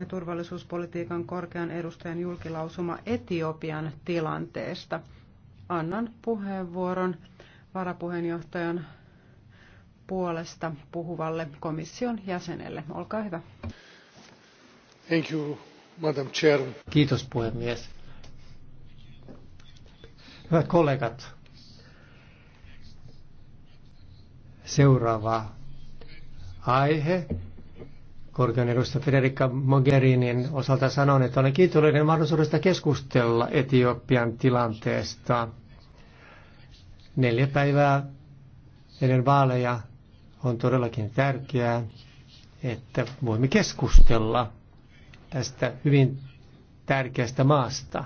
ja turvallisuuspolitiikan korkean edustajan julkilausuma Etiopian tilanteesta. Annan puheenvuoron varapuheenjohtajan puolesta puhuvalle komission jäsenelle. Olkaa hyvä. Thank you, Madam Chair. Kiitos puhemies. Hyvät kollegat, seuraava aihe korkean edustaja Federica Mogherinin osalta sanon, että olen kiitollinen mahdollisuudesta keskustella Etiopian tilanteesta. Neljä päivää ennen vaaleja on todellakin tärkeää, että voimme keskustella tästä hyvin tärkeästä maasta.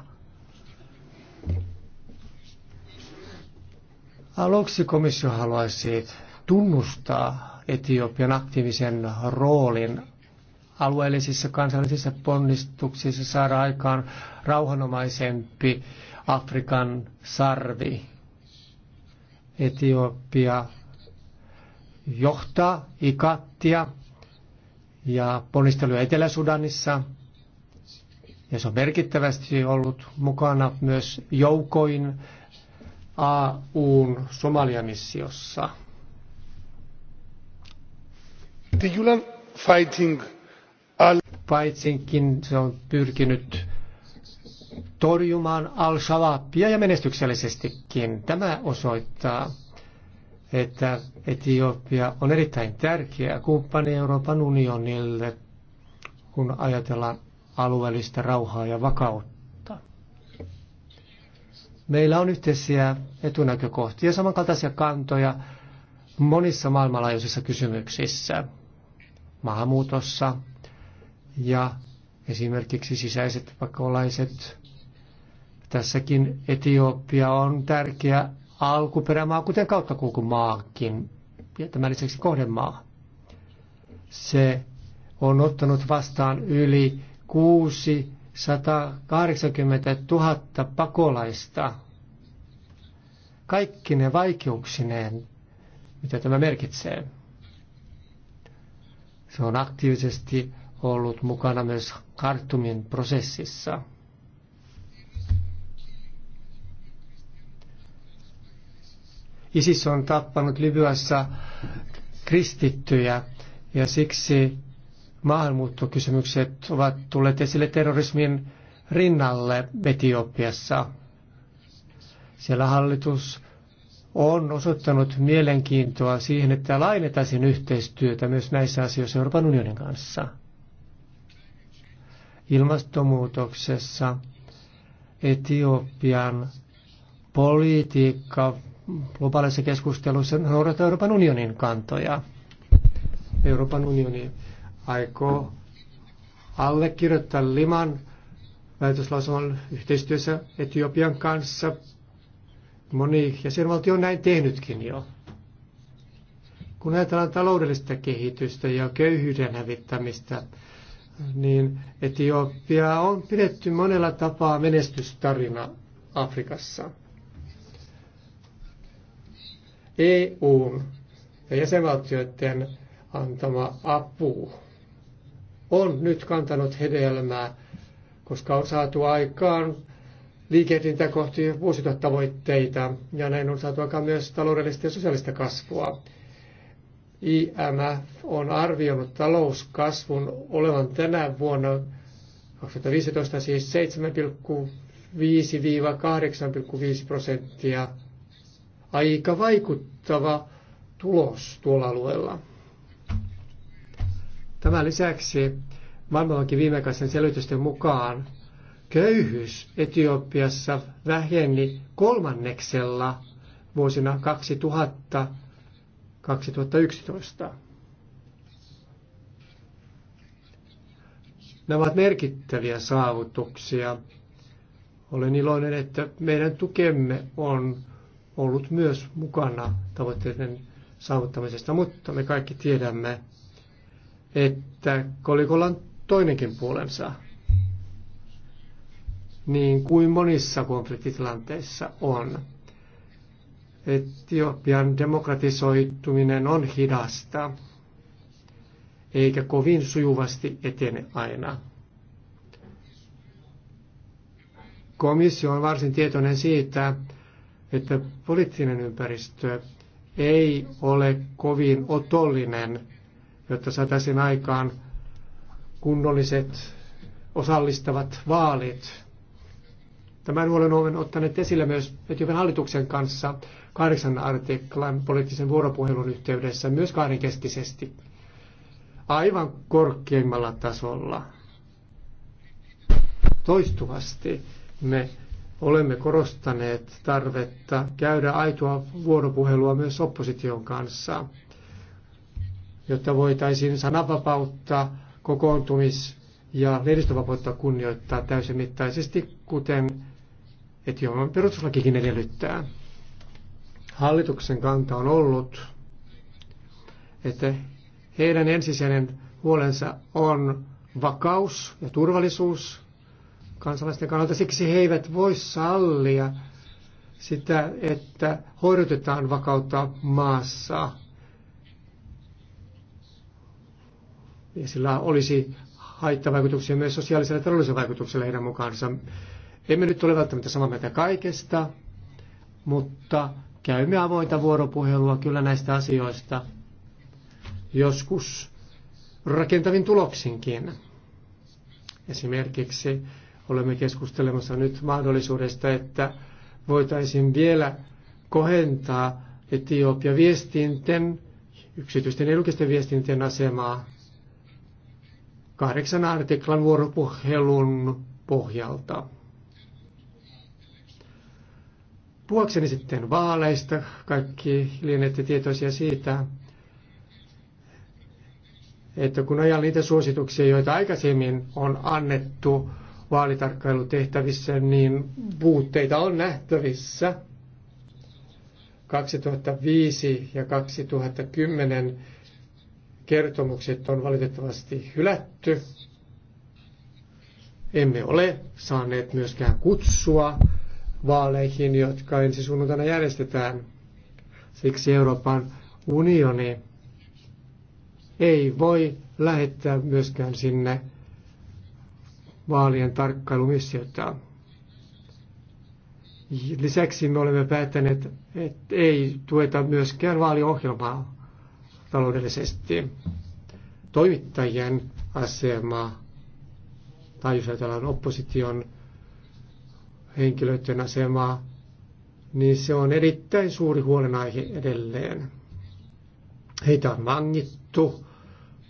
Aluksi komissio haluaisi tunnustaa Etiopian aktiivisen roolin alueellisissa kansallisissa ponnistuksissa saada aikaan rauhanomaisempi Afrikan sarvi. Etiopia johtaa ikattia ja ponnisteluja Etelä-Sudanissa. Ja se on merkittävästi ollut mukana myös joukoin AUn Somalia-missiossa. The UN fighting paitsinkin se on pyrkinyt torjumaan al-Shabaabia ja menestyksellisestikin. Tämä osoittaa, että Etiopia on erittäin tärkeä kumppani Euroopan unionille, kun ajatellaan alueellista rauhaa ja vakautta. Meillä on yhteisiä etunäkökohtia, samankaltaisia kantoja monissa maailmanlaajuisissa kysymyksissä. Maahanmuutossa, ja esimerkiksi sisäiset pakolaiset. Tässäkin Etiopia on tärkeä alkuperämaa, kuten kauttakulkumaakin, ja tämän lisäksi kohdemaa. Se on ottanut vastaan yli 680 000 pakolaista kaikki ne vaikeuksineen, mitä tämä merkitsee. Se on aktiivisesti ollut mukana myös Kartumin prosessissa. ISIS on tappanut Libyassa kristittyjä ja siksi maahanmuuttokysymykset ovat tulleet esille terrorismin rinnalle Etiopiassa. Siellä hallitus on osoittanut mielenkiintoa siihen, että lainetaisiin yhteistyötä myös näissä asioissa Euroopan unionin kanssa ilmastonmuutoksessa Etiopian politiikka globaalissa keskustelussa noudattaa Euroopan unionin kantoja. Euroopan unioni aikoo allekirjoittaa Liman väitöslausuman yhteistyössä Etiopian kanssa. Moni jäsenvaltio on näin tehnytkin jo. Kun ajatellaan taloudellista kehitystä ja köyhyyden hävittämistä, niin Etiopia on pidetty monella tapaa menestystarina Afrikassa. EU ja jäsenvaltioiden antama apu on nyt kantanut hedelmää, koska on saatu aikaan liikehdintä kohti tavoitteita ja näin on saatu aikaan myös taloudellista ja sosiaalista kasvua. IMF on arvioinut talouskasvun olevan tänä vuonna 2015 siis 7,5-8,5 prosenttia. Aika vaikuttava tulos tuolla alueella. Tämän lisäksi Maailmanpankin viimeaikaisen selvitysten mukaan köyhyys Etiopiassa väheni kolmanneksella vuosina 2000 2011. Nämä ovat merkittäviä saavutuksia. Olen iloinen, että meidän tukemme on ollut myös mukana tavoitteiden saavuttamisesta, mutta me kaikki tiedämme, että kolikolla on toinenkin puolensa, niin kuin monissa konfliktitilanteissa on. Etiopian demokratisoituminen on hidasta, eikä kovin sujuvasti etene aina. Komissio on varsin tietoinen siitä, että poliittinen ympäristö ei ole kovin otollinen, jotta saataisiin aikaan kunnolliset osallistavat vaalit Tämän huolen olen ottaneet esille myös Etiopian hallituksen kanssa kahdeksan artiklan poliittisen vuoropuhelun yhteydessä, myös kahdenkeskisesti, aivan korkeimmalla tasolla. Toistuvasti me olemme korostaneet tarvetta käydä aitoa vuoropuhelua myös opposition kanssa, jotta voitaisiin sananvapautta, kokoontumis- ja lehdistövapautta kunnioittaa täysimittaisesti, kuten joo, perustuslakikin edellyttää. Hallituksen kanta on ollut, että heidän ensisijainen huolensa on vakaus ja turvallisuus kansalaisten kannalta. Siksi he eivät voi sallia sitä, että horjutetaan vakautta maassa. Ja sillä olisi haittavaikutuksia myös sosiaaliselle ja taloudelliselle vaikutukselle heidän mukaansa. Emme nyt ole välttämättä samaa mieltä kaikesta, mutta käymme avointa vuoropuhelua kyllä näistä asioista, joskus rakentavin tuloksinkin. Esimerkiksi olemme keskustelemassa nyt mahdollisuudesta, että voitaisiin vielä kohentaa Etiopia viestinten, yksityisten ja julkisten viestinten asemaa kahdeksan artiklan vuoropuhelun pohjalta. Puhuakseni sitten vaaleista, kaikki lienette tietoisia siitä, että kun ajan niitä suosituksia, joita aikaisemmin on annettu vaalitarkkailutehtävissä, niin puutteita on nähtävissä. 2005 ja 2010 kertomukset on valitettavasti hylätty. Emme ole saaneet myöskään kutsua vaaleihin, jotka ensi sunnuntaina järjestetään. Siksi Euroopan unioni ei voi lähettää myöskään sinne vaalien tarkkailumissiota. Lisäksi me olemme päättäneet, että ei tueta myöskään vaaliohjelmaa taloudellisesti. Toimittajien asema, tai jos ajatellaan opposition henkilöiden asemaa, niin se on erittäin suuri huolenaihe edelleen. Heitä on vangittu,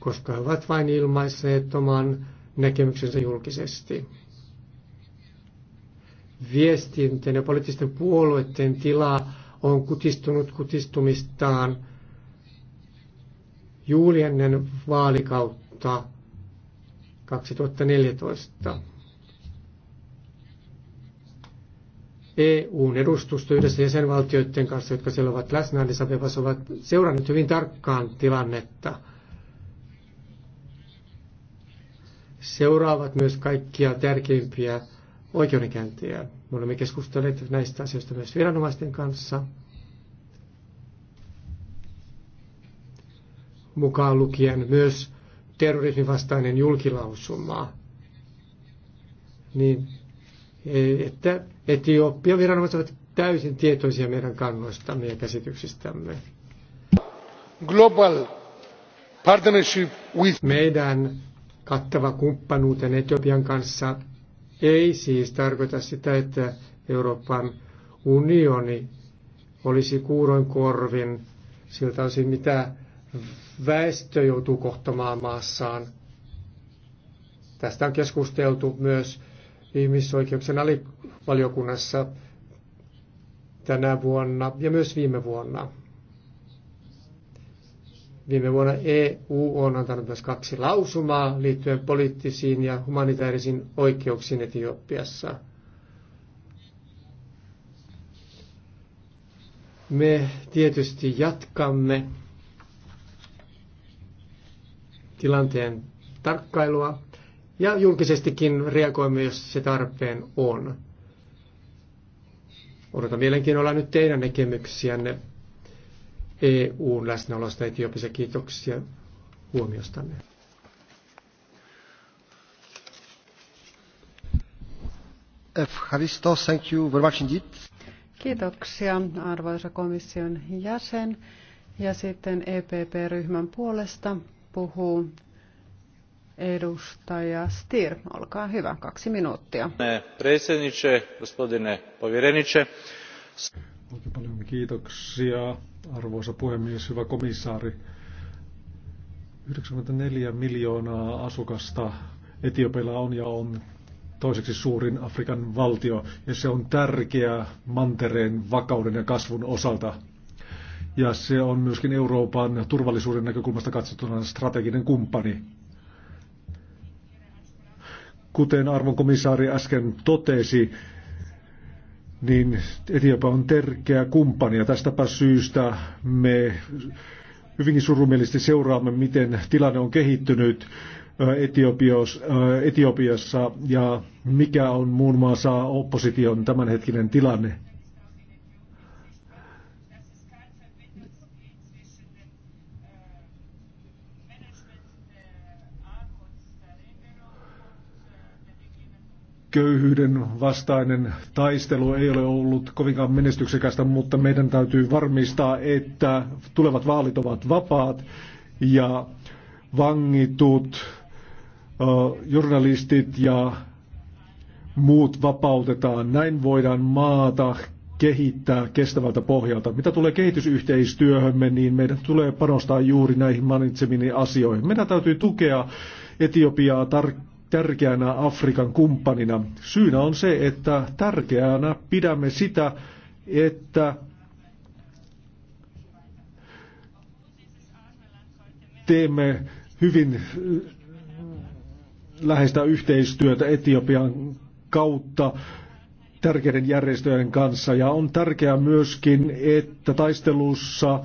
koska he ovat vain ilmaisseet oman näkemyksensä julkisesti. Viestinten ja poliittisten puolueiden tila on kutistunut kutistumistaan juuri ennen vaalikautta 2014. EUn edustusto yhdessä jäsenvaltioiden kanssa, jotka siellä ovat läsnä niin Abebassa, ovat seuranneet hyvin tarkkaan tilannetta. Seuraavat myös kaikkia tärkeimpiä oikeudenkäyntejä. Me olemme keskustelleet näistä asioista myös viranomaisten kanssa. Mukaan lukien myös terrorismin vastainen julkilausuma. Niin että Etiopia viranomaiset ovat täysin tietoisia meidän kannoistamme ja käsityksistämme. Global partnership with... Meidän kattava kumppanuuteen Etiopian kanssa ei siis tarkoita sitä, että Euroopan unioni olisi kuuroin korvin siltä osin, mitä väestö joutuu kohtamaan maassaan. Tästä on keskusteltu myös ihmisoikeuksien alivaliokunnassa tänä vuonna ja myös viime vuonna. Viime vuonna EU on antanut myös kaksi lausumaa liittyen poliittisiin ja humanitaarisiin oikeuksiin Etiopiassa. Me tietysti jatkamme tilanteen tarkkailua ja julkisestikin reagoimme, jos se tarpeen on. Odotan mielenkiinnolla nyt teidän näkemyksiänne EUn läsnäolosta Etiopissa. Kiitoksia huomiostanne. thank you very much indeed. Kiitoksia arvoisa komission jäsen. Ja sitten EPP-ryhmän puolesta puhuu Edustaja Stier, olkaa hyvä, kaksi minuuttia. Presidente, gospodine povjereniče. Oikein paljon kiitoksia, arvoisa puhemies, hyvä komissaari. 94 miljoonaa asukasta Etiopialla on ja on toiseksi suurin Afrikan valtio, ja se on tärkeä mantereen vakauden ja kasvun osalta. Ja se on myöskin Euroopan turvallisuuden näkökulmasta katsottuna strateginen kumppani. Kuten arvon komissaari äsken totesi, niin Etiopia on tärkeä kumppani ja tästäpä syystä me hyvinkin surumielisesti seuraamme, miten tilanne on kehittynyt Etiopios, Etiopiassa ja mikä on muun muassa opposition tämänhetkinen tilanne. köyhyyden vastainen taistelu ei ole ollut kovinkaan menestyksekästä, mutta meidän täytyy varmistaa, että tulevat vaalit ovat vapaat ja vangitut journalistit ja muut vapautetaan. Näin voidaan maata kehittää kestävältä pohjalta. Mitä tulee kehitysyhteistyöhömme, niin meidän tulee panostaa juuri näihin mainitsemiin asioihin. Meidän täytyy tukea Etiopiaa tar- tärkeänä Afrikan kumppanina. Syynä on se, että tärkeänä pidämme sitä, että teemme hyvin äh, läheistä yhteistyötä Etiopian kautta tärkeiden järjestöjen kanssa. Ja on tärkeää myöskin, että taistelussa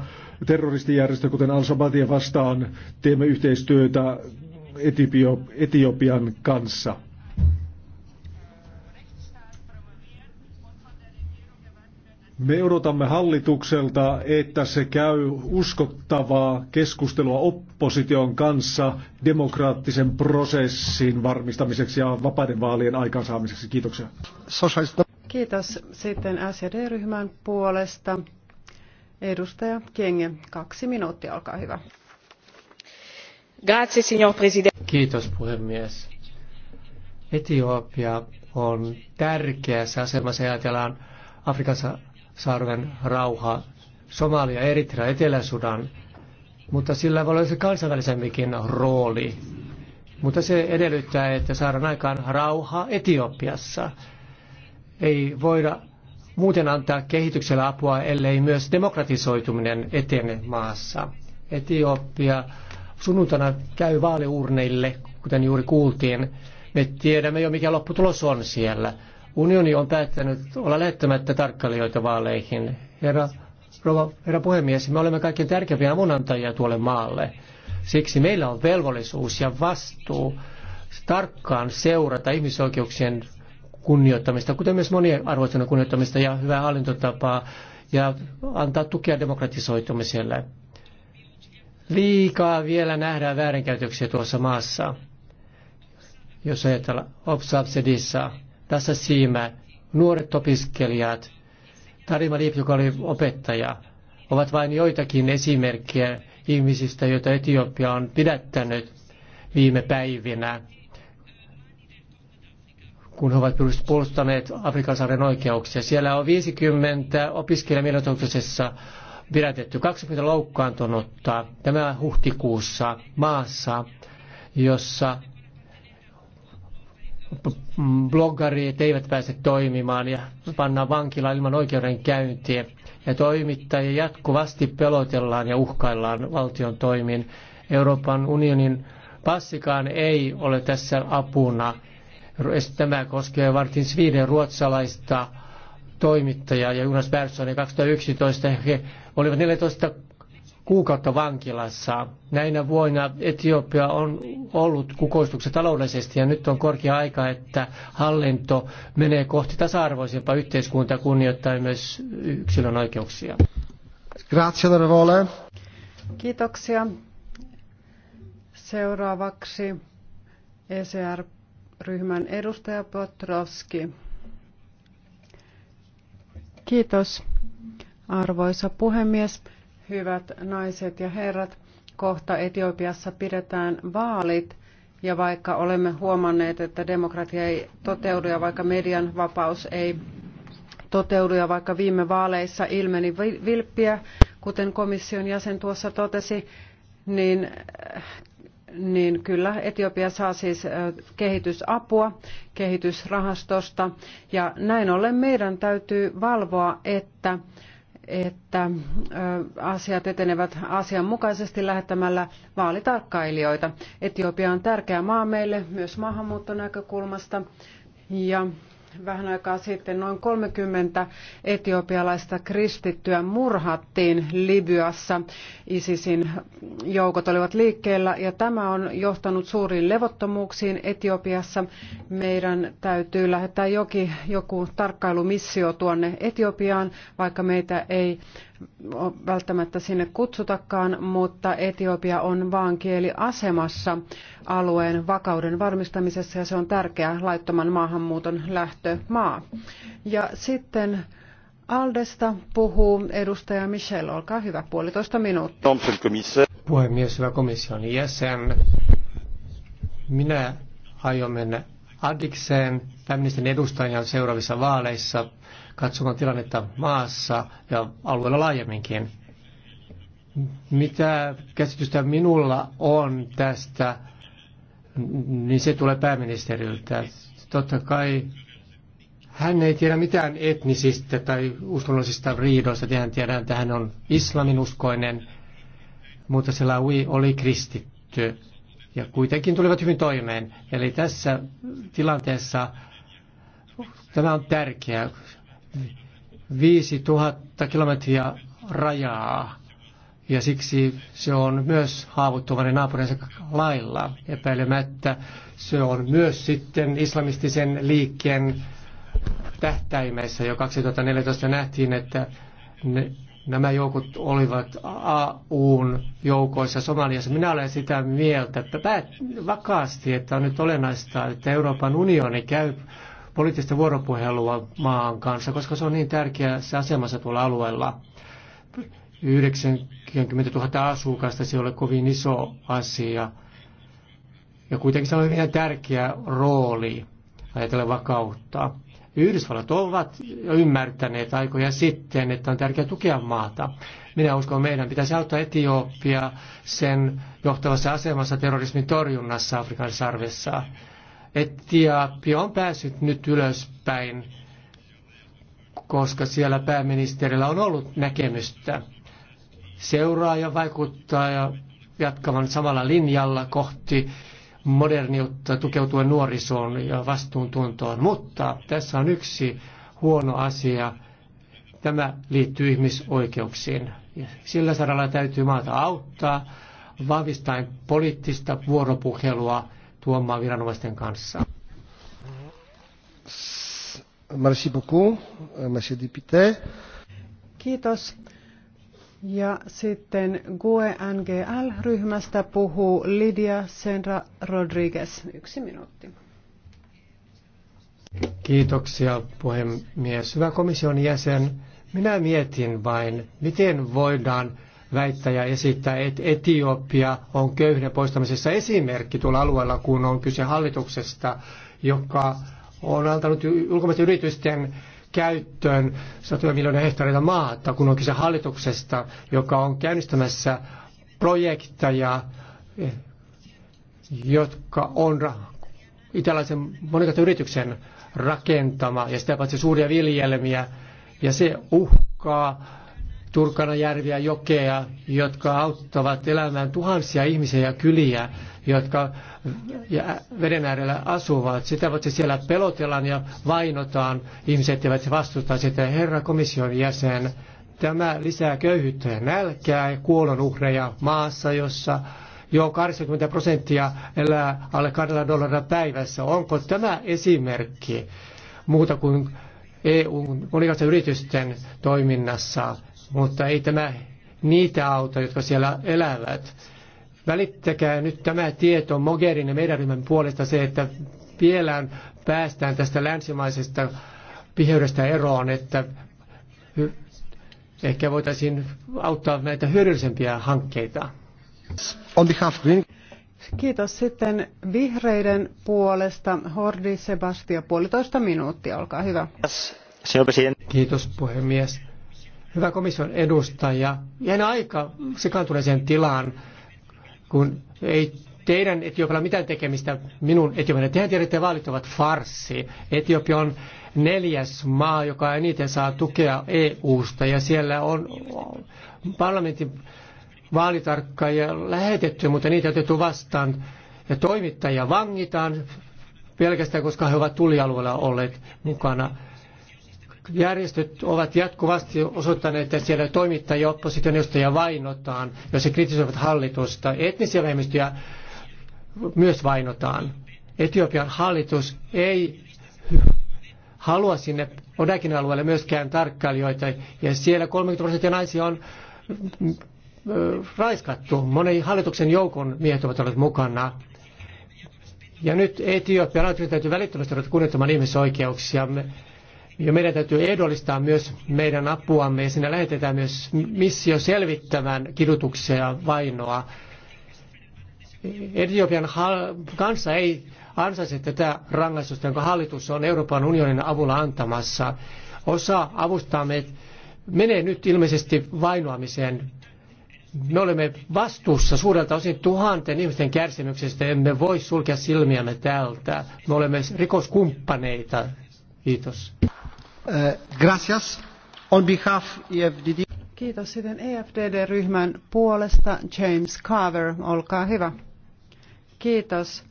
terroristijärjestö, kuten Al-Shabatia vastaan, teemme yhteistyötä Etipio, Etiopian kanssa. Me odotamme hallitukselta, että se käy uskottavaa keskustelua opposition kanssa demokraattisen prosessin varmistamiseksi ja vapaiden vaalien aikaansaamiseksi. Kiitoksia. Kiitos. Sitten sd ryhmän puolesta edustaja Kenge. Kaksi minuuttia, olkaa hyvä. Kiitos puhemies. Etiopia on tärkeässä asemassa ajatellaan Afrikassa saarven rauha, Somalia, Eritrea, Etelä-Sudan, mutta sillä voi olla se kansainvälisemminkin rooli. Mutta se edellyttää, että saadaan aikaan rauha Etiopiassa. Ei voida muuten antaa kehityksellä apua, ellei myös demokratisoituminen etene maassa. Etiopia sunnuntana käy vaaliurneille, kuten juuri kuultiin. Me tiedämme jo, mikä lopputulos on siellä. Unioni on päättänyt olla lähettämättä tarkkailijoita vaaleihin. Herra, rouva, herra puhemies, me olemme kaikkein tärkeimpiä avunantajia tuolle maalle. Siksi meillä on velvollisuus ja vastuu tarkkaan seurata ihmisoikeuksien kunnioittamista, kuten myös monien arvoisena kunnioittamista ja hyvää hallintotapaa ja antaa tukea demokratisoitumiselle. Liikaa vielä nähdään väärinkäytöksiä tuossa maassa. Jos ajatellaan Obsabsedissa, tässä Siimä, nuoret opiskelijat, Tarima Liip, joka oli opettaja, ovat vain joitakin esimerkkejä ihmisistä, joita Etiopia on pidättänyt viime päivinä, kun he ovat puolustaneet Afrikan saaren oikeuksia. Siellä on 50 opiskelijamielenotuksessa pidätetty 20 loukkaantunutta tämä huhtikuussa maassa, jossa bloggarit eivät pääse toimimaan ja pannaan vankila ilman oikeudenkäyntiä. Ja toimittajia jatkuvasti pelotellaan ja uhkaillaan valtion toimin. Euroopan unionin passikaan ei ole tässä apuna. Tämä koskee vartin Sweden ruotsalaista toimittajaa ja Jonas Persson 2011 he olivat 14 kuukautta vankilassa. Näinä vuonna Etiopia on ollut kukoistuksen taloudellisesti ja nyt on korkea aika, että hallinto menee kohti tasa-arvoisempaa yhteiskuntaa kunnioittaen myös yksilön oikeuksia. Grazie, Kiitoksia. Seuraavaksi ECR-ryhmän edustaja Potrovski. Kiitos. Arvoisa puhemies, hyvät naiset ja herrat, kohta Etiopiassa pidetään vaalit ja vaikka olemme huomanneet, että demokratia ei toteudu ja vaikka median vapaus ei toteudu ja vaikka viime vaaleissa ilmeni vilppiä, kuten komission jäsen tuossa totesi, niin, niin kyllä Etiopia saa siis kehitysapua kehitysrahastosta ja näin ollen meidän täytyy valvoa, että että asiat etenevät asianmukaisesti lähettämällä vaalitarkkailijoita. Etiopia on tärkeä maa meille myös maahanmuuttonäkökulmasta ja vähän aikaa sitten noin 30 etiopialaista kristittyä murhattiin Libyassa. ISISin joukot olivat liikkeellä ja tämä on johtanut suuriin levottomuuksiin Etiopiassa. Meidän täytyy lähettää joku tarkkailumissio tuonne Etiopiaan, vaikka meitä ei välttämättä sinne kutsutakaan, mutta Etiopia on vaan kieliasemassa alueen vakauden varmistamisessa ja se on tärkeä laittoman maahanmuuton lähtömaa. Ja sitten Aldesta puhuu edustaja Michel, olkaa hyvä, puolitoista minuuttia. Puhemies, hyvä komission jäsen. Minä aion mennä Adikseen pääministerin edustajan seuraavissa vaaleissa katsomaan tilannetta maassa ja alueella laajemminkin. Mitä käsitystä minulla on tästä, niin se tulee pääministeriltä. Totta kai hän ei tiedä mitään etnisistä tai uskonnollisista riidoista. Hän tiedän, että hän on islaminuskoinen, mutta se Laui oli kristitty. Ja kuitenkin tulivat hyvin toimeen. Eli tässä tilanteessa tämä on tärkeää. 5000 kilometriä rajaa ja siksi se on myös haavoittuvainen naapurinsa lailla. Epäilemättä se on myös sitten islamistisen liikkeen tähtäimessä. Jo 2014 nähtiin, että ne, nämä joukot olivat AUn joukoissa Somaliassa. Minä olen sitä mieltä, että päät, vakaasti, että on nyt olennaista, että Euroopan unioni käy poliittista vuoropuhelua maan kanssa, koska se on niin tärkeä se asemansa tuolla alueella. 90 000 asukasta, se ei ole kovin iso asia. Ja kuitenkin se on hyvin tärkeä rooli ajatella vakautta. Yhdysvallat ovat ymmärtäneet aikoja sitten, että on tärkeää tukea maata. Minä uskon, että meidän pitäisi auttaa Etiopia sen johtavassa asemassa terrorismin torjunnassa Afrikan sarvessa. Etiopia on päässyt nyt ylöspäin, koska siellä pääministerillä on ollut näkemystä. Seuraa ja vaikuttaa ja jatkavan samalla linjalla kohti moderniutta tukeutuen nuorisoon ja vastuuntuntoon. Mutta tässä on yksi huono asia. Tämä liittyy ihmisoikeuksiin. Sillä saralla täytyy maata auttaa, vahvistaen poliittista vuoropuhelua tuomaan viranomaisten kanssa. Merci beaucoup, monsieur député. Kiitos. Ja sitten GUE NGL-ryhmästä puhuu Lidia Senra Rodriguez. Yksi minuutti. Kiitoksia puhemies. Hyvä komission jäsen, minä mietin vain, miten voidaan väittäjä ja esittää, että Etiopia on köyhden poistamisessa esimerkki tuolla alueella, kun on kyse hallituksesta, joka on antanut ulkomaisten yritysten käyttöön satoja miljoonia hehtaareita maata, kun on kyse hallituksesta, joka on käynnistämässä projekteja, eh, jotka on monikaisen yrityksen rakentama ja sitä paitsi suuria viljelmiä, ja se uhkaa Turkanajärviä, jokea, jotka auttavat elämään tuhansia ihmisiä ja kyliä, jotka veden äärellä asuvat. Sitä paitsi siellä pelotellaan ja vainotaan. Ihmiset eivät vastusta sitä. Herra komission jäsen, tämä lisää köyhyyttä ja nälkää ja kuolonuhreja maassa, jossa jo 80 prosenttia elää alle kahdella dollaria päivässä. Onko tämä esimerkki muuta kuin eu monikansallisten yritysten toiminnassa? mutta ei tämä niitä auta, jotka siellä elävät. Välittäkää nyt tämä tieto Mogherin ja meidän ryhmän puolesta se, että vielä päästään tästä länsimaisesta piheydestä eroon, että ehkä voitaisiin auttaa näitä hyödyllisempiä hankkeita. On behalf Green. Kiitos. Sitten vihreiden puolesta Hordi Sebastia puolitoista minuuttia, olkaa hyvä. Kiitos puhemies hyvä komission edustaja, jäin aika sekaantuneeseen tilaan, kun ei teidän Etiopialla mitään tekemistä minun Etiopian. Tehän tiedätte, vaalit ovat farsi. Etiopia on neljäs maa, joka eniten saa tukea EU-sta ja siellä on parlamentin vaalitarkkaajia lähetetty, mutta niitä otettu vastaan ja toimittajia vangitaan pelkästään, koska he ovat tulialueella olleet mukana järjestöt ovat jatkuvasti osoittaneet, että siellä toimittajia ja opposition edustajia vainotaan, jos he kritisoivat hallitusta. Etnisiä vähemmistöjä myös vainotaan. Etiopian hallitus ei halua sinne Odakin alueelle myöskään tarkkailijoita, ja siellä 30 prosenttia naisia on äh, raiskattu. Monen hallituksen joukon miehet ovat olleet mukana. Ja nyt Etiopian täytyy välittömästi ruveta kunnioittamaan ihmisoikeuksia. Ja meidän täytyy ehdollistaa myös meidän apuamme ja sinne lähetetään myös missio selvittämään kidutuksia ja vainoa. Etiopian kansa ei ansaitse tätä rangaistusta, jonka hallitus on Euroopan unionin avulla antamassa. Osa avustamme menee nyt ilmeisesti vainoamiseen. Me olemme vastuussa suurelta osin tuhanten ihmisten kärsimyksestä. Emme voi sulkea silmiämme tältä. Me olemme rikoskumppaneita. Kiitos. Eh, on behalf e Kiitos sitten EFDD-ryhmän puolesta. James Carver, olkaa hyvä. Kiitos.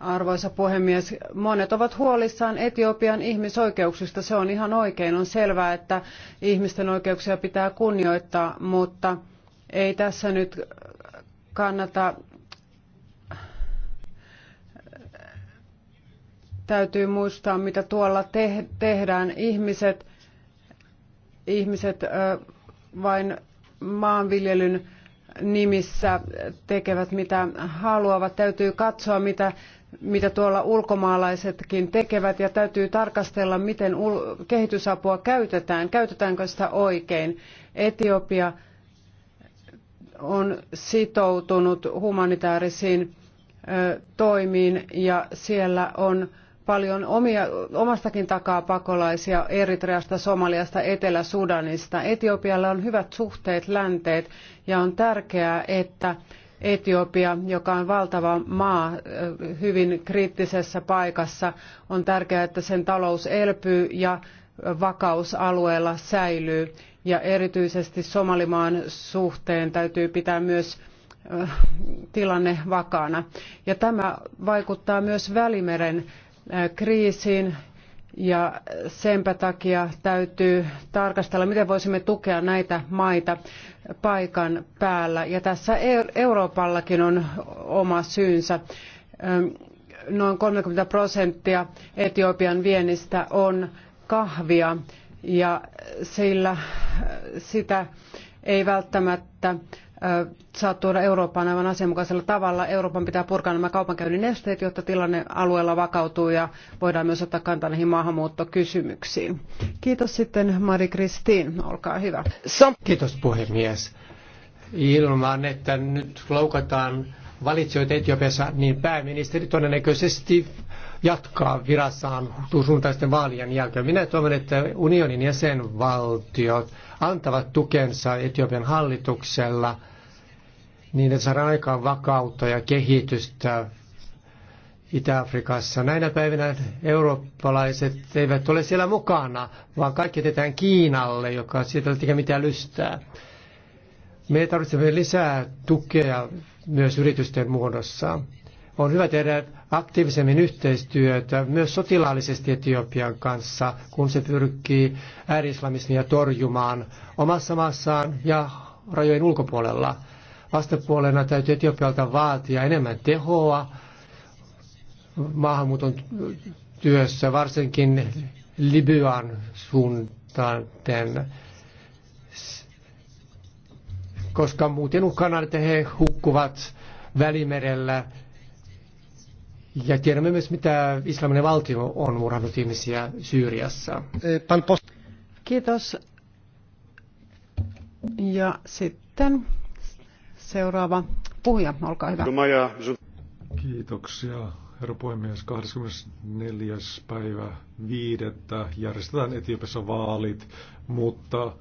Arvoisa puhemies, monet ovat huolissaan Etiopian ihmisoikeuksista. Se on ihan oikein. On selvää, että ihmisten oikeuksia pitää kunnioittaa, mutta ei tässä nyt kannata Täytyy muistaa, mitä tuolla te- tehdään. Ihmiset, ihmiset ö, vain maanviljelyn nimissä tekevät mitä haluavat. Täytyy katsoa, mitä, mitä tuolla ulkomaalaisetkin tekevät ja täytyy tarkastella, miten kehitysapua käytetään. Käytetäänkö sitä oikein? Etiopia on sitoutunut humanitaarisiin toimiin ja siellä on paljon omia, omastakin takaa pakolaisia Eritreasta, Somaliasta, Etelä-Sudanista. Etiopialla on hyvät suhteet länteet ja on tärkeää, että Etiopia, joka on valtava maa hyvin kriittisessä paikassa, on tärkeää, että sen talous elpyy ja vakausalueella säilyy. Ja erityisesti Somalimaan suhteen täytyy pitää myös tilanne vakaana. Ja tämä vaikuttaa myös Välimeren kriisiin ja senpä takia täytyy tarkastella, miten voisimme tukea näitä maita paikan päällä. Ja tässä Euroopallakin on oma syynsä. Noin 30 prosenttia Etiopian viennistä on kahvia ja sillä sitä ei välttämättä saa tuoda Eurooppaan aivan asianmukaisella tavalla. Euroopan pitää purkaa nämä kaupankäynnin esteet, jotta tilanne alueella vakautuu ja voidaan myös ottaa kantaa näihin maahanmuuttokysymyksiin. Kiitos sitten Mari Kristiin, olkaa hyvä. Kiitos puhemies. Ilman, että nyt loukataan valitsijoita Etiopiassa, niin pääministeri todennäköisesti jatkaa virassaan suuntaisten vaalien jälkeen. Minä toivon, että unionin jäsenvaltiot antavat tukensa Etiopian hallituksella – niin että saadaan aikaan vakautta ja kehitystä Itä-Afrikassa. Näinä päivinä eurooppalaiset eivät ole siellä mukana, vaan kaikki jätetään Kiinalle, joka siitä tekee mitään lystää. Me tarvitsemme lisää tukea myös yritysten muodossa. On hyvä tehdä aktiivisemmin yhteistyötä myös sotilaallisesti Etiopian kanssa, kun se pyrkii äärislamismia torjumaan omassa maassaan ja rajojen ulkopuolella vastapuolena täytyy Etiopialta vaatia enemmän tehoa maahanmuuton työssä, varsinkin Libyan suuntaan, koska muuten uhkana, että he hukkuvat välimerellä. Ja tiedämme myös, mitä islaminen valtio on murhannut ihmisiä Syyriassa. Kiitos. Ja sitten Seuraava puhuja, olkaa hyvä. Kiitoksia, herra puhemies. 24. päivä 5. järjestetään Etiopissa vaalit, mutta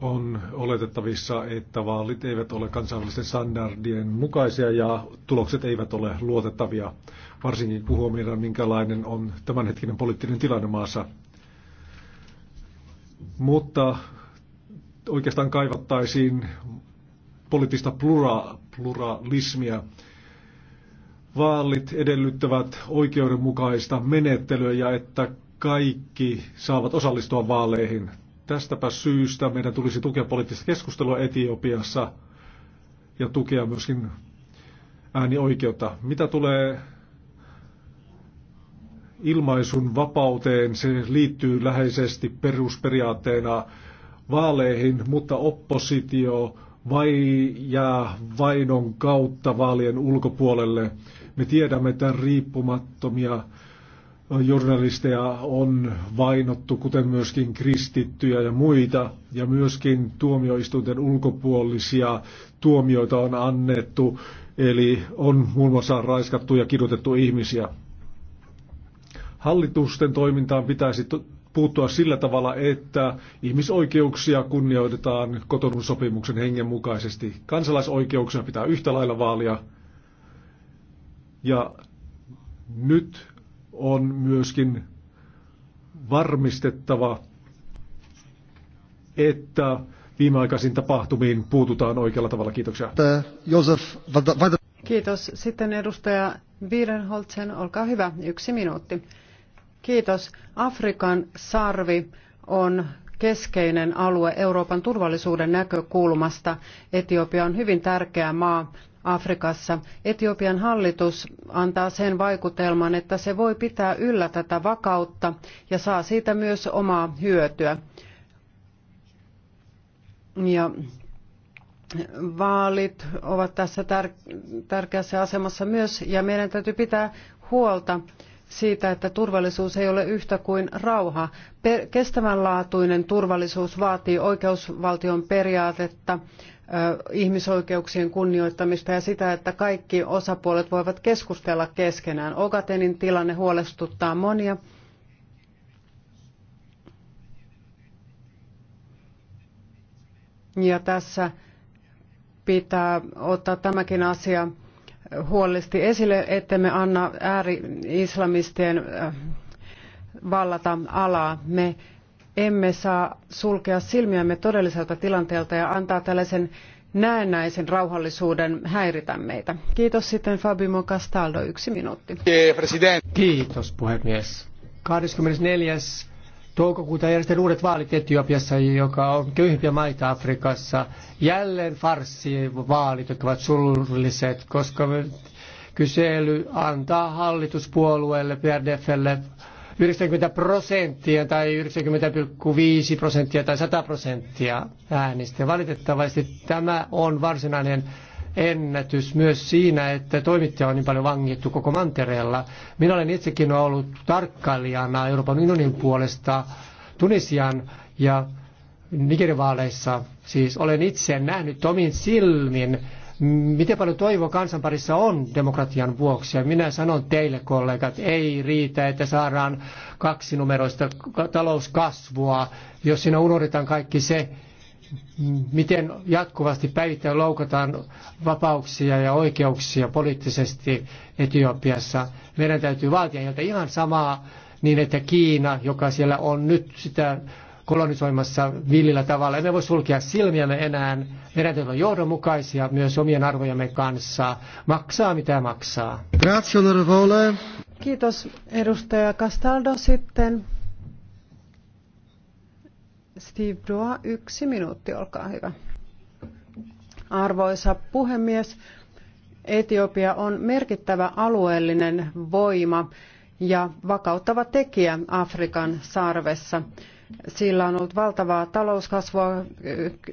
on oletettavissa, että vaalit eivät ole kansainvälisten standardien mukaisia ja tulokset eivät ole luotettavia, varsinkin kun huomioidaan, minkälainen on tämänhetkinen poliittinen tilanne maassa. Mutta oikeastaan kaivattaisiin poliittista plura, pluralismia. Vaalit edellyttävät oikeudenmukaista menettelyä ja että kaikki saavat osallistua vaaleihin. Tästäpä syystä meidän tulisi tukea poliittista keskustelua Etiopiassa ja tukea myöskin äänioikeutta. Mitä tulee ilmaisun vapauteen, se liittyy läheisesti perusperiaatteena vaaleihin, mutta oppositio vai jää vainon kautta vaalien ulkopuolelle. Me tiedämme, että riippumattomia journalisteja on vainottu, kuten myöskin kristittyjä ja muita, ja myöskin tuomioistuinten ulkopuolisia tuomioita on annettu, eli on muun muassa raiskattu ja kidutettu ihmisiä. Hallitusten toimintaan pitäisi puuttua sillä tavalla, että ihmisoikeuksia kunnioitetaan kotonun sopimuksen hengen mukaisesti. Kansalaisoikeuksia pitää yhtä lailla vaalia. Ja nyt on myöskin varmistettava, että viimeaikaisiin tapahtumiin puututaan oikealla tavalla. Kiitoksia. Josef, Kiitos. Sitten edustaja Viidenholtsen, olkaa hyvä. Yksi minuutti. Kiitos. Afrikan sarvi on keskeinen alue Euroopan turvallisuuden näkökulmasta. Etiopia on hyvin tärkeä maa Afrikassa. Etiopian hallitus antaa sen vaikutelman, että se voi pitää yllä tätä vakautta ja saa siitä myös omaa hyötyä. Ja vaalit ovat tässä tärkeässä asemassa myös ja meidän täytyy pitää huolta siitä, että turvallisuus ei ole yhtä kuin rauha. Kestävänlaatuinen turvallisuus vaatii oikeusvaltion periaatetta, ihmisoikeuksien kunnioittamista ja sitä, että kaikki osapuolet voivat keskustella keskenään. Ogatenin tilanne huolestuttaa monia. Ja tässä pitää ottaa tämäkin asia huolellisesti esille, ettemme anna ääri-islamistien äh, vallata alaa. Me emme saa sulkea silmiämme todelliselta tilanteelta ja antaa tällaisen näennäisen rauhallisuuden häiritä meitä. Kiitos sitten Fabio Castaldo, yksi minuutti. Kiitos puhemies. 24. Toukokuuta järjestetään uudet vaalit Etiopiassa, joka on köyhimpiä maita Afrikassa. Jälleen farsi vaalit, jotka ovat surulliset, koska kysely antaa hallituspuolueelle, PRDFlle, 90 prosenttia tai 90,5 prosenttia tai 100 prosenttia äänistä. Valitettavasti tämä on varsinainen ennätys myös siinä, että toimittaja on niin paljon vangittu koko mantereella. Minä olen itsekin ollut tarkkailijana Euroopan unionin puolesta Tunisian ja Nigerin vaaleissa. Siis olen itse nähnyt omin silmin, miten paljon toivo kansan parissa on demokratian vuoksi. Ja minä sanon teille kollegat, ei riitä, että saadaan kaksinumeroista talouskasvua, jos siinä unohdetaan kaikki se, miten jatkuvasti päivittäin loukataan vapauksia ja oikeuksia poliittisesti Etiopiassa. Meidän täytyy vaatia heiltä ihan samaa niin, että Kiina, joka siellä on nyt sitä kolonisoimassa villillä tavalla, emme voi sulkea silmiämme enää. Meidän täytyy olla johdonmukaisia myös omien arvojemme kanssa. Maksaa mitä maksaa. Kiitos edustaja Castaldo sitten. Steve Brua, yksi minuutti, olkaa hyvä. Arvoisa puhemies, Etiopia on merkittävä alueellinen voima ja vakauttava tekijä Afrikan sarvessa. Sillä on ollut valtavaa talouskasvua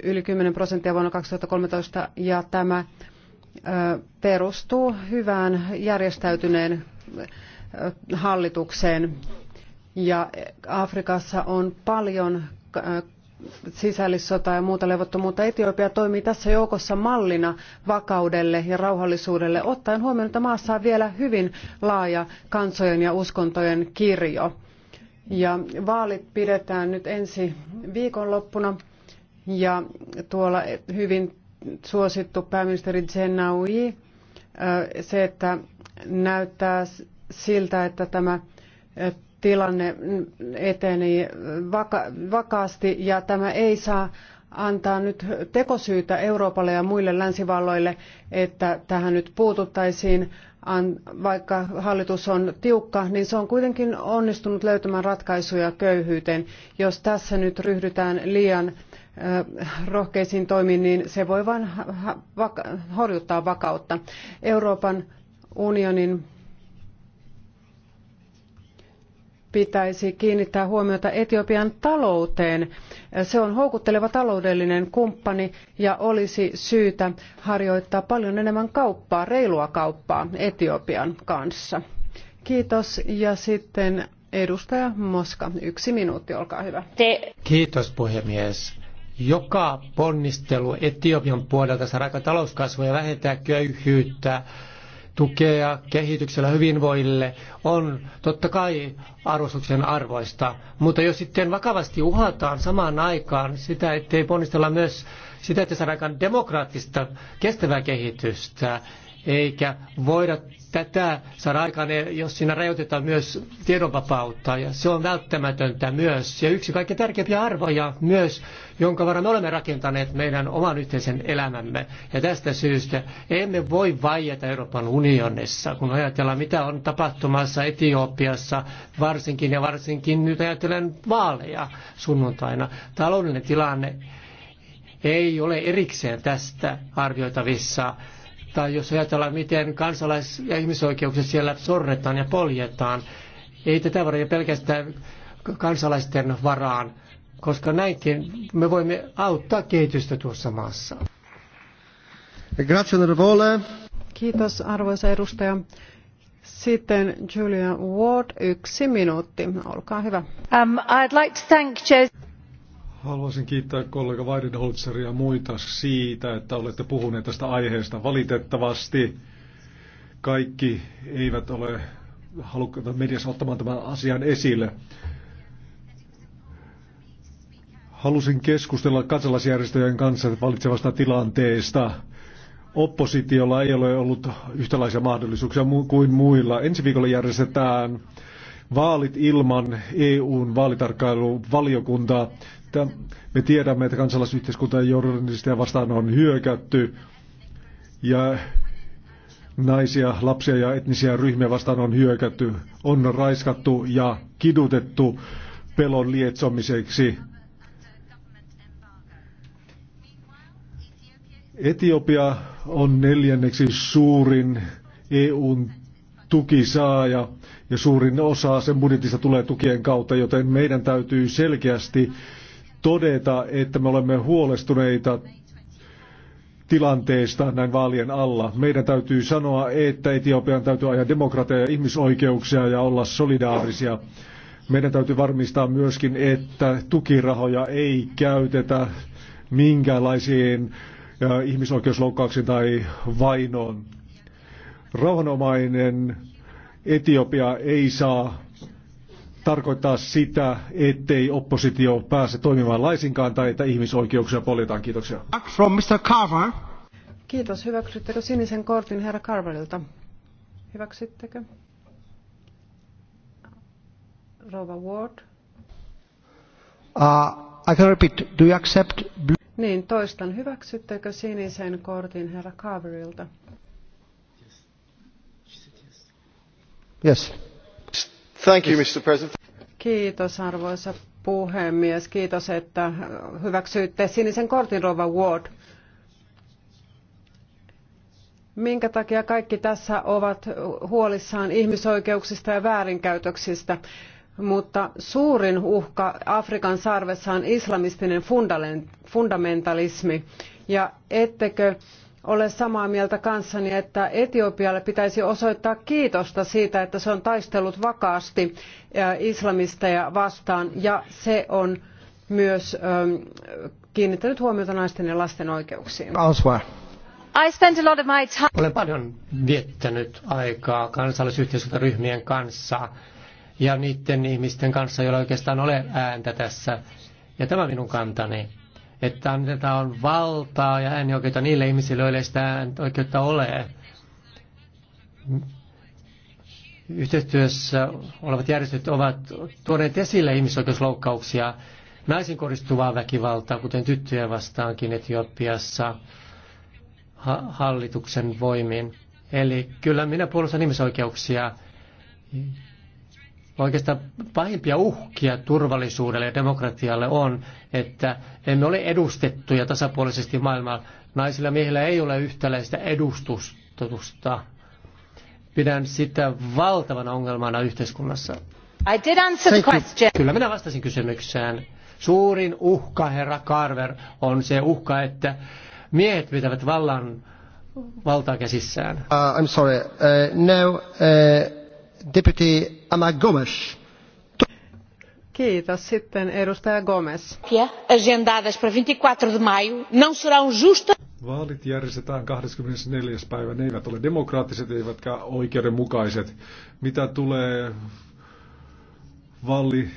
yli 10 prosenttia vuonna 2013 ja tämä perustuu hyvään järjestäytyneen hallitukseen. Ja Afrikassa on paljon Äh, sisällissota ja muuta levottomuutta. Etiopia toimii tässä joukossa mallina vakaudelle ja rauhallisuudelle, ottaen huomioon, että maassa on vielä hyvin laaja kansojen ja uskontojen kirjo. Ja vaalit pidetään nyt ensi viikonloppuna ja tuolla hyvin suosittu pääministeri Zenawi, äh, se, että näyttää siltä, että tämä tilanne eteni vaka- vakaasti ja tämä ei saa antaa nyt tekosyytä Euroopalle ja muille länsivalloille, että tähän nyt puututtaisiin, vaikka hallitus on tiukka, niin se on kuitenkin onnistunut löytämään ratkaisuja köyhyyteen. Jos tässä nyt ryhdytään liian äh, rohkeisiin toimiin, niin se voi vain horjuttaa vakautta. Euroopan unionin pitäisi kiinnittää huomiota Etiopian talouteen. Se on houkutteleva taloudellinen kumppani ja olisi syytä harjoittaa paljon enemmän kauppaa, reilua kauppaa Etiopian kanssa. Kiitos ja sitten edustaja Moska, yksi minuutti, olkaa hyvä. Te... Kiitos puhemies. Joka ponnistelu Etiopian puolelta saada talouskasvua ja vähentää köyhyyttä tukea kehityksellä hyvinvoille on totta kai arvostuksen arvoista, mutta jos sitten vakavasti uhataan samaan aikaan sitä, ettei ponnistella myös sitä, että saadaan demokraattista kestävää kehitystä, eikä voida tätä saada aikaan, niin jos siinä rajoitetaan myös tiedonvapautta, ja se on välttämätöntä myös. Ja yksi kaikkein tärkeimpiä arvoja myös, jonka varan me olemme rakentaneet meidän oman yhteisen elämämme. Ja tästä syystä emme voi vaieta Euroopan unionissa, kun ajatellaan, mitä on tapahtumassa Etiopiassa, varsinkin ja varsinkin nyt ajatellen vaaleja sunnuntaina. Taloudellinen tilanne ei ole erikseen tästä arvioitavissa tai jos ajatellaan, miten kansalais- ja ihmisoikeuksia siellä sorretaan ja poljetaan, ei tätä voida pelkästään kansalaisten varaan, koska näinkin me voimme auttaa kehitystä tuossa maassa. Kiitos arvoisa edustaja. Sitten Julia Ward, yksi minuutti. Olkaa hyvä. Um, I'd like to thank Joseph. Haluaisin kiittää kollega Weidenholzeria ja muita siitä, että olette puhuneet tästä aiheesta. Valitettavasti kaikki eivät ole halukkaita mediassa ottamaan tämän asian esille. Halusin keskustella kansalaisjärjestöjen kanssa valitsevasta tilanteesta. Oppositiolla ei ole ollut yhtälaisia mahdollisuuksia kuin muilla. Ensi viikolla järjestetään vaalit ilman EUn vaalitarkkailuvaliokuntaa että me tiedämme, että kansalaisyhteiskunta ja journalistia vastaan on hyökätty ja naisia, lapsia ja etnisiä ryhmiä vastaan on hyökätty, on raiskattu ja kidutettu pelon lietsomiseksi. Etiopia on neljänneksi suurin EUn tukisaaja ja suurin osa sen budjetista tulee tukien kautta, joten meidän täytyy selkeästi todeta, että me olemme huolestuneita tilanteesta näin vaalien alla. Meidän täytyy sanoa, että Etiopian täytyy ajaa demokratiaa ja ihmisoikeuksia ja olla solidaarisia. Meidän täytyy varmistaa myöskin, että tukirahoja ei käytetä minkäänlaisiin ihmisoikeusloukkauksiin tai vainoon. Rauhanomainen Etiopia ei saa tarkoittaa sitä, ettei oppositio pääse toimimaan laisinkaan tai että ihmisoikeuksia poljetaan. Kiitoksia. From Mr. Carver. Kiitos. Hyväksyttekö sinisen kortin herra Carverilta? Hyväksyttekö? Rova Ward. Uh, I can repeat. Do you accept blue? Niin, toistan. Hyväksyttekö sinisen kortin herra Carverilta? Yes. yes. Thank you, Mr. President. Kiitos arvoisa puhemies. Kiitos, että hyväksyitte sinisen kortin Rova Ward. Minkä takia kaikki tässä ovat huolissaan ihmisoikeuksista ja väärinkäytöksistä? mutta suurin uhka Afrikan sarvessa on islamistinen fundamentalismi. Ja ettekö olen samaa mieltä kanssani, että Etiopialle pitäisi osoittaa kiitosta siitä, että se on taistellut vakaasti islamisteja vastaan ja se on myös kiinnittänyt huomiota naisten ja lasten oikeuksiin. Olen paljon viettänyt aikaa kansallisyhteiskuntaryhmien kanssa ja niiden ihmisten kanssa, joilla oikeastaan ole ääntä tässä. Ja tämä on minun kantani että annetaan valtaa ja äänioikeutta niille ihmisille, joille sitä oikeutta ole. Yhteistyössä olevat järjestöt ovat tuoneet esille ihmisoikeusloukkauksia, naisin kohdistuvaa väkivaltaa, kuten tyttöjä vastaankin Etiopiassa hallituksen voimin. Eli kyllä minä puolustan ihmisoikeuksia Oikeastaan pahimpia uhkia turvallisuudelle ja demokratialle on, että emme ole edustettuja tasapuolisesti maailmalla. Naisilla ja miehillä ei ole yhtäläistä edustusta. Pidän sitä valtavana ongelmana yhteiskunnassa. I did answer the question. Kyllä minä vastasin kysymykseen. Suurin uhka, herra Carver, on se uhka, että miehet pitävät vallan valtaa käsissään. Uh, I'm sorry. Uh, no, uh, deputy Ana Gomes. Kiitos. Sitten edustaja Gomes. Agendadas para 24 e de maio não serão um Vaalit järjestetään 24. päivä. Ne eivät ole demokraattiset eivätkä oikeudenmukaiset. Mitä tulee valli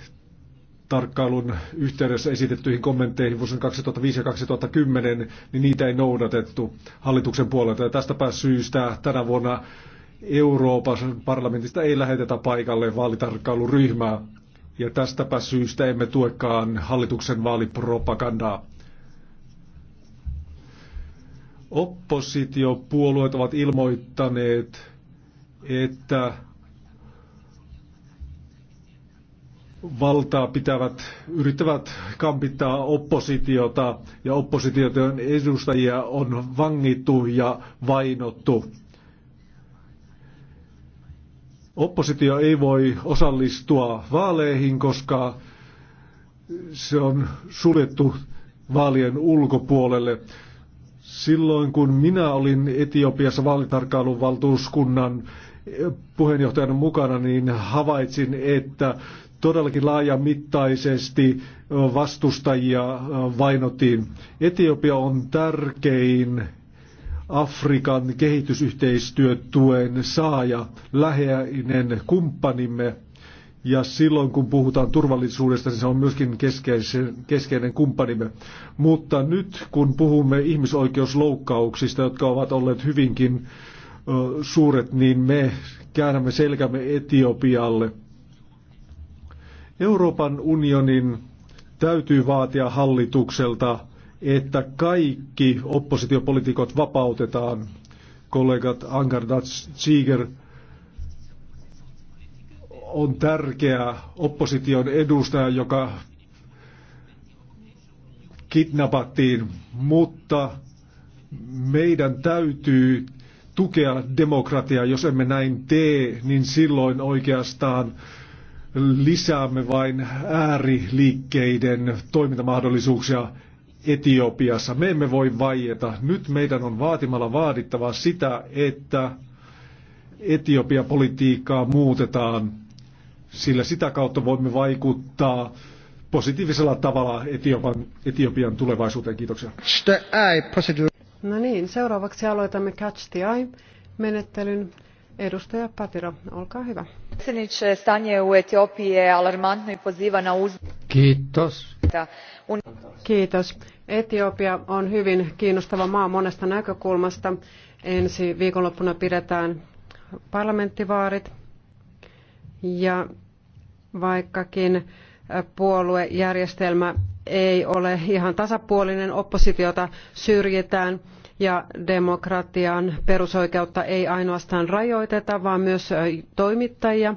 tarkkailun yhteydessä esitettyihin kommentteihin vuosina 2005 ja 2010, niin niitä ei noudatettu hallituksen puolelta. Ja tästäpä syystä tänä vuonna Euroopan parlamentista ei lähetetä paikalle vaalitarkkailuryhmää. Ja tästäpä syystä emme tuekaan hallituksen vaalipropagandaa. Oppositiopuolueet ovat ilmoittaneet, että valtaa pitävät, yrittävät kampittaa oppositiota ja oppositiotyön edustajia on vangittu ja vainottu. Oppositio ei voi osallistua vaaleihin, koska se on suljettu vaalien ulkopuolelle. Silloin kun minä olin Etiopiassa vaalitarkkailun valtuuskunnan puheenjohtajana mukana, niin havaitsin, että todellakin laajamittaisesti vastustajia vainotiin. Etiopia on tärkein Afrikan kehitysyhteistyötuen saaja, läheinen kumppanimme. Ja silloin kun puhutaan turvallisuudesta, niin se on myöskin keskeinen kumppanimme. Mutta nyt kun puhumme ihmisoikeusloukkauksista, jotka ovat olleet hyvinkin suuret, niin me käännämme selkämme Etiopialle. Euroopan unionin täytyy vaatia hallitukselta että kaikki oppositiopolitiikot vapautetaan. Kollegat Angar Ziger on tärkeä opposition edustaja, joka kidnappattiin, mutta meidän täytyy tukea demokratiaa. Jos emme näin tee, niin silloin oikeastaan lisäämme vain ääriliikkeiden toimintamahdollisuuksia Etiopiassa. Me emme voi vaieta. Nyt meidän on vaatimalla vaadittava sitä, että Etiopia-politiikkaa muutetaan, sillä sitä kautta voimme vaikuttaa positiivisella tavalla Etiopian, Etiopian tulevaisuuteen. Kiitoksia. No niin, seuraavaksi aloitamme Catch the Eye-menettelyn. Edustaja Patiro, olkaa hyvä. Kiitos. Kiitos. Etiopia on hyvin kiinnostava maa monesta näkökulmasta. Ensi viikonloppuna pidetään parlamenttivaarit ja vaikkakin puoluejärjestelmä ei ole ihan tasapuolinen, oppositiota syrjitään ja demokratian perusoikeutta ei ainoastaan rajoiteta, vaan myös toimittajia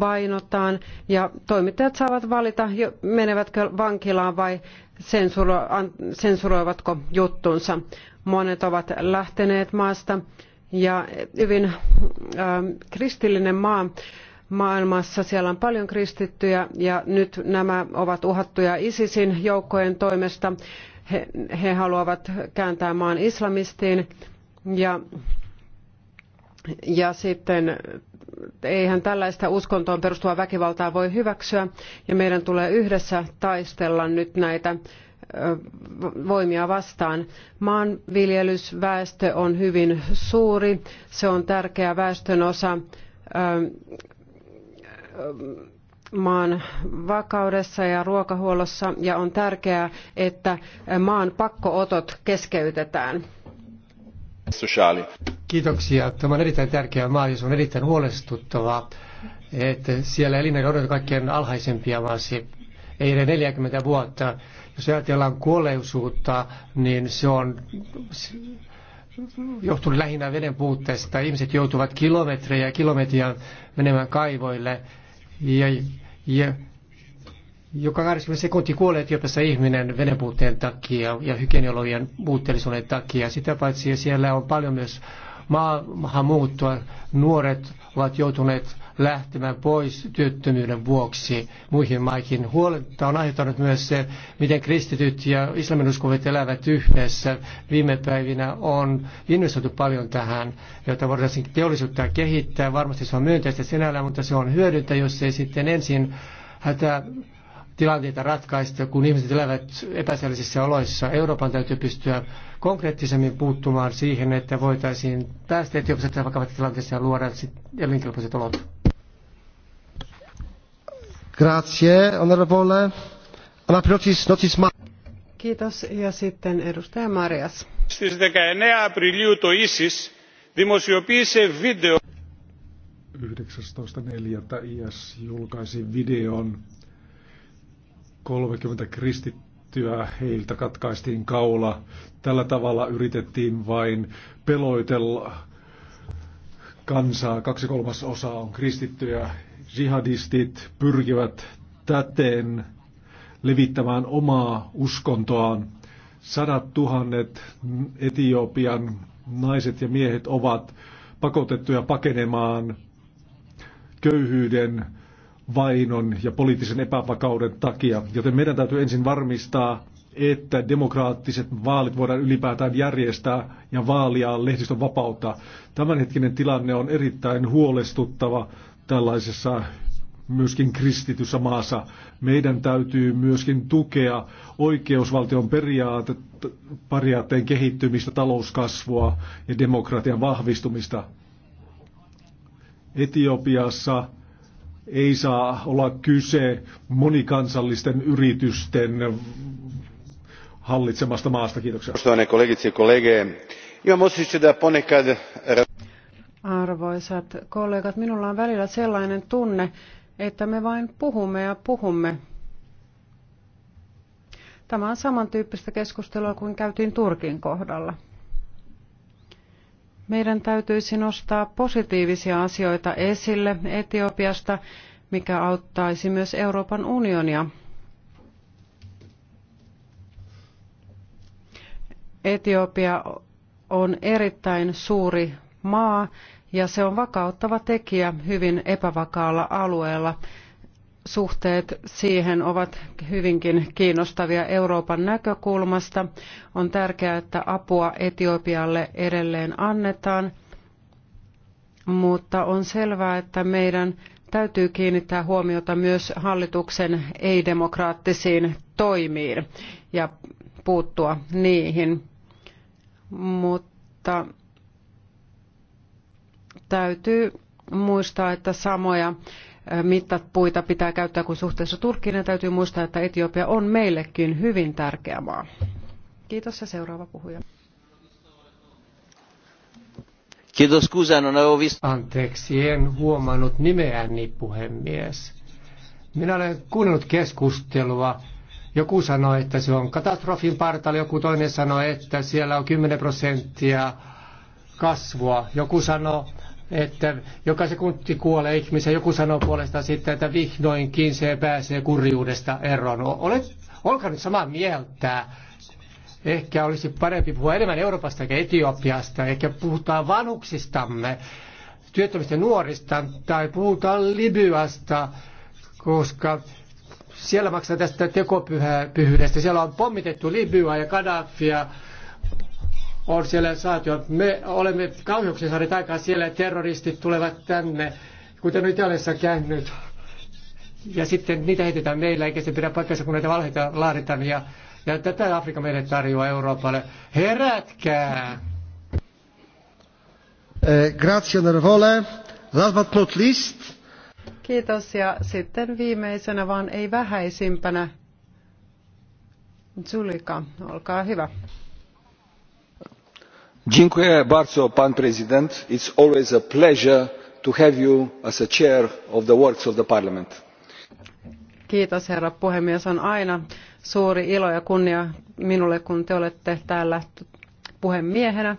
vainotaan ja toimittajat saavat valita, menevätkö vankilaan vai sensuroivatko juttunsa. Monet ovat lähteneet maasta ja hyvin kristillinen maa maailmassa. Siellä on paljon kristittyjä ja nyt nämä ovat uhattuja ISISin joukkojen toimesta. He, he haluavat kääntää maan islamistiin ja, ja sitten eihän tällaista uskontoon perustuvaa väkivaltaa voi hyväksyä ja meidän tulee yhdessä taistella nyt näitä voimia vastaan. Maanviljelysväestö on hyvin suuri, se on tärkeä väestön osa maan vakaudessa ja ruokahuollossa ja on tärkeää, että maan pakkootot keskeytetään. Kiitoksia. Tämä on erittäin tärkeä maa ja se on erittäin huolestuttavaa, että siellä elinajan odot kaikkein alhaisempia maasi ei edes 40 vuotta. Jos ajatellaan kuolleisuutta, niin se on johtunut lähinnä veden puutteesta. Ihmiset joutuvat kilometrejä ja kilometriä menemään kaivoille ja, ja joka 20 sekunti kuolee Etiopiassa ihminen venepuutteen takia ja hygieniolojen puutteellisuuden takia. Sitä paitsi siellä on paljon myös maahanmuuttoa. Nuoret ovat joutuneet lähtemään pois työttömyyden vuoksi muihin maihin. Huoletta on aiheuttanut myös se, miten kristityt ja islaminuskovit elävät yhdessä. Viime päivinä on investoitu paljon tähän, jotta voidaan teollisuutta kehittää. Varmasti se on myönteistä sinällään, mutta se on hyödyntä, jos ei sitten ensin hätä tilanteita ratkaista, kun ihmiset elävät epäsäällisissä oloissa. Euroopan täytyy pystyä konkreettisemmin puuttumaan siihen, että voitaisiin päästä Etiopiasta vakavat tilanteessa ja luoda elinkelpoiset olot. Kiitos. Ja sitten edustaja Marias. Στις 19 Απριλίου το ISIS δημοσιοποίησε βίντεο. 19.4. IS julkaisi videon. 30 kristittyä heiltä katkaistiin kaula. Tällä tavalla yritettiin vain peloitella kansaa. Kaksi kolmasosaa on kristittyjä jihadistit pyrkivät täten levittämään omaa uskontoaan. Sadat tuhannet Etiopian naiset ja miehet ovat pakotettuja pakenemaan köyhyyden, vainon ja poliittisen epävakauden takia. Joten meidän täytyy ensin varmistaa, että demokraattiset vaalit voidaan ylipäätään järjestää ja vaalia lehdistön vapautta. Tämänhetkinen tilanne on erittäin huolestuttava tällaisessa myöskin kristityssä maassa. Meidän täytyy myöskin tukea oikeusvaltion periaatteen kehittymistä, talouskasvua ja demokratian vahvistumista. Etiopiassa ei saa olla kyse monikansallisten yritysten hallitsemasta maasta. Kiitoksia. Poštovane kolegice i imam osjećaj da ponekad Arvoisat kollegat, minulla on välillä sellainen tunne, että me vain puhumme ja puhumme. Tämä on samantyyppistä keskustelua kuin käytiin Turkin kohdalla. Meidän täytyisi nostaa positiivisia asioita esille Etiopiasta, mikä auttaisi myös Euroopan unionia. Etiopia on erittäin suuri maa ja se on vakauttava tekijä hyvin epävakaalla alueella. Suhteet siihen ovat hyvinkin kiinnostavia Euroopan näkökulmasta. On tärkeää, että apua Etiopialle edelleen annetaan, mutta on selvää, että meidän täytyy kiinnittää huomiota myös hallituksen ei-demokraattisiin toimiin ja puuttua niihin. Mutta Täytyy muistaa, että samoja mittapuita pitää käyttää kuin suhteessa Turkkiin ja täytyy muistaa, että Etiopia on meillekin hyvin tärkeä maa. Kiitos ja seuraava puhuja. Kiitos no, no, no, Anteeksi, en huomannut nimeäni puhemies. Minä olen kuunnellut keskustelua. Joku sanoi, että se on katastrofin partaali, joku toinen sanoi, että siellä on 10 prosenttia kasvua. Joku sanoi, että joka sekunti kuolee ihmisiä. Joku sanoo puolestaan sitten, että vihdoinkin se pääsee kurjuudesta eroon. Olet, olkaa nyt samaa mieltä. Ehkä olisi parempi puhua enemmän Euroopasta eikä Etiopiasta. Ehkä puhutaan vanhuksistamme, työttömistä nuorista tai puhutaan Libyasta, koska siellä maksaa tästä tekopyhyydestä. Siellä on pommitettu Libyaa ja Gaddafia on siellä saatu. Me olemme kauheuksia saaneet aikaa siellä, terroristit tulevat tänne, kuten nyt Italiassa käynyt. Ja sitten niitä heitetään meillä, eikä se pidä paikkansa, kun näitä valheita laaditaan. Ja, ja tätä Afrikka meille tarjoaa Euroopalle. Herätkää! Eh, grazie, onorevole. Last but not least. Kiitos. Ja sitten viimeisenä, vaan ei vähäisimpänä, Zulika, olkaa hyvä mr president it is always a pleasure to have you as a chair of the works of the parliament. kiitos herra puhemies on aina suuri ilo ja kunnia minulle kun te olette täällä puhemiehenä.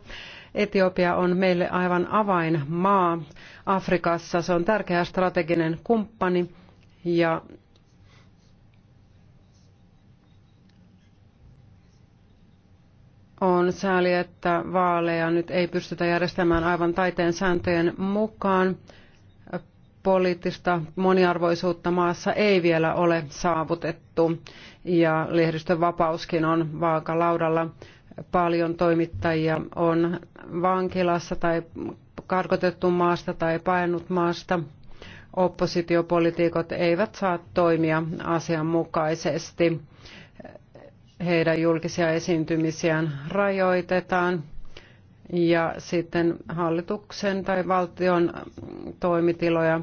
Etiopia on meille aivan avainmaa Afrikassa. Se on tärkeä strateginen kumppani ja On sääli, että vaaleja nyt ei pystytä järjestämään aivan taiteen sääntöjen mukaan. Poliittista moniarvoisuutta maassa ei vielä ole saavutettu ja lehdistön vapauskin on vaakalaudalla. Paljon toimittajia on vankilassa tai karkotettu maasta tai paennut maasta. Oppositiopolitiikot eivät saa toimia asianmukaisesti heidän julkisia esiintymisiään rajoitetaan. Ja sitten hallituksen tai valtion toimitiloja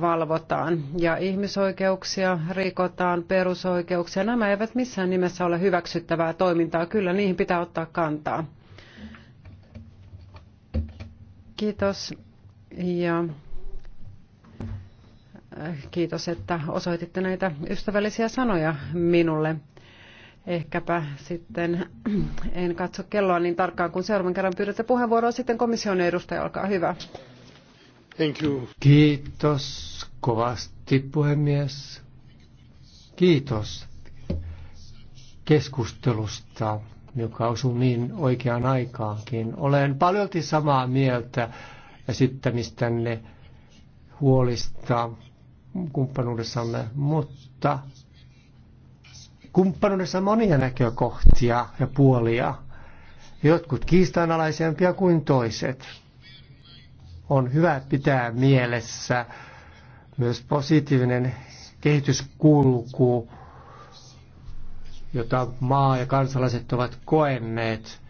valvotaan ja ihmisoikeuksia rikotaan, perusoikeuksia. Nämä eivät missään nimessä ole hyväksyttävää toimintaa. Kyllä niihin pitää ottaa kantaa. Kiitos ja kiitos, että osoititte näitä ystävällisiä sanoja minulle. Ehkäpä sitten en katso kelloa niin tarkkaan, kun seuraavan kerran pyydätte puheenvuoroa sitten komission edustaja, olkaa hyvä. Thank you. Kiitos kovasti puhemies. Kiitos keskustelusta, joka osuu niin oikeaan aikaankin. Olen paljolti samaa mieltä esittämistänne huolista kumppanuudessamme, mutta Kumppanuudessa monia näkökohtia ja puolia, jotkut kiistanalaisempia kuin toiset. On hyvä pitää mielessä myös positiivinen kehityskulku, jota maa ja kansalaiset ovat koenneet.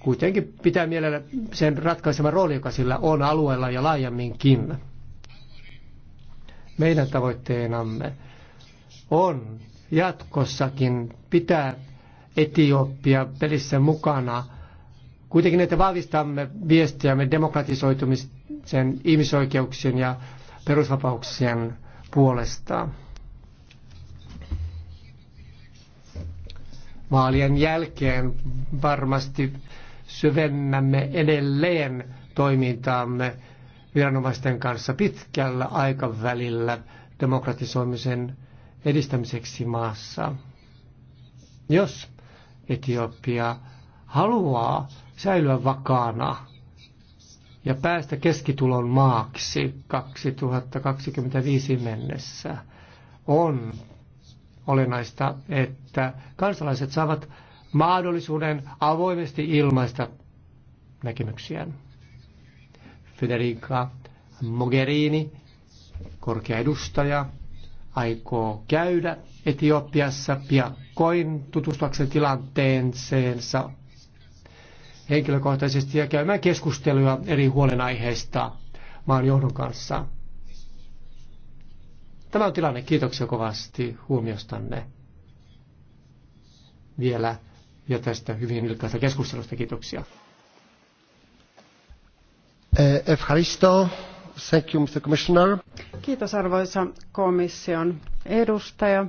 Kuitenkin pitää mielellä sen ratkaisema rooli, joka sillä on alueella ja laajemminkin. Meidän tavoitteenamme on jatkossakin pitää Etiopia pelissä mukana. Kuitenkin, että vahvistamme viestiämme demokratisoitumisen, ihmisoikeuksien ja perusvapauksien puolesta. Vaalien jälkeen varmasti syvennämme edelleen toimintaamme viranomaisten kanssa pitkällä aikavälillä demokratisoimisen edistämiseksi maassa. Jos Etiopia haluaa säilyä vakaana ja päästä keskitulon maaksi 2025 mennessä, on olennaista, että kansalaiset saavat mahdollisuuden avoimesti ilmaista näkemyksiään. Federica Mogherini, korkea edustaja, aikoo käydä Etiopiassa piakkoin tutustuakseen tilanteeseensa henkilökohtaisesti ja käymään keskusteluja eri huolenaiheista maan johdon kanssa. Tämä on tilanne. Kiitoksia kovasti huomiostanne vielä ja tästä hyvin vilkkaasta keskustelusta. Kiitoksia. Eh, Thank you, Mr. Commissioner. Kiitos arvoisa komission edustaja.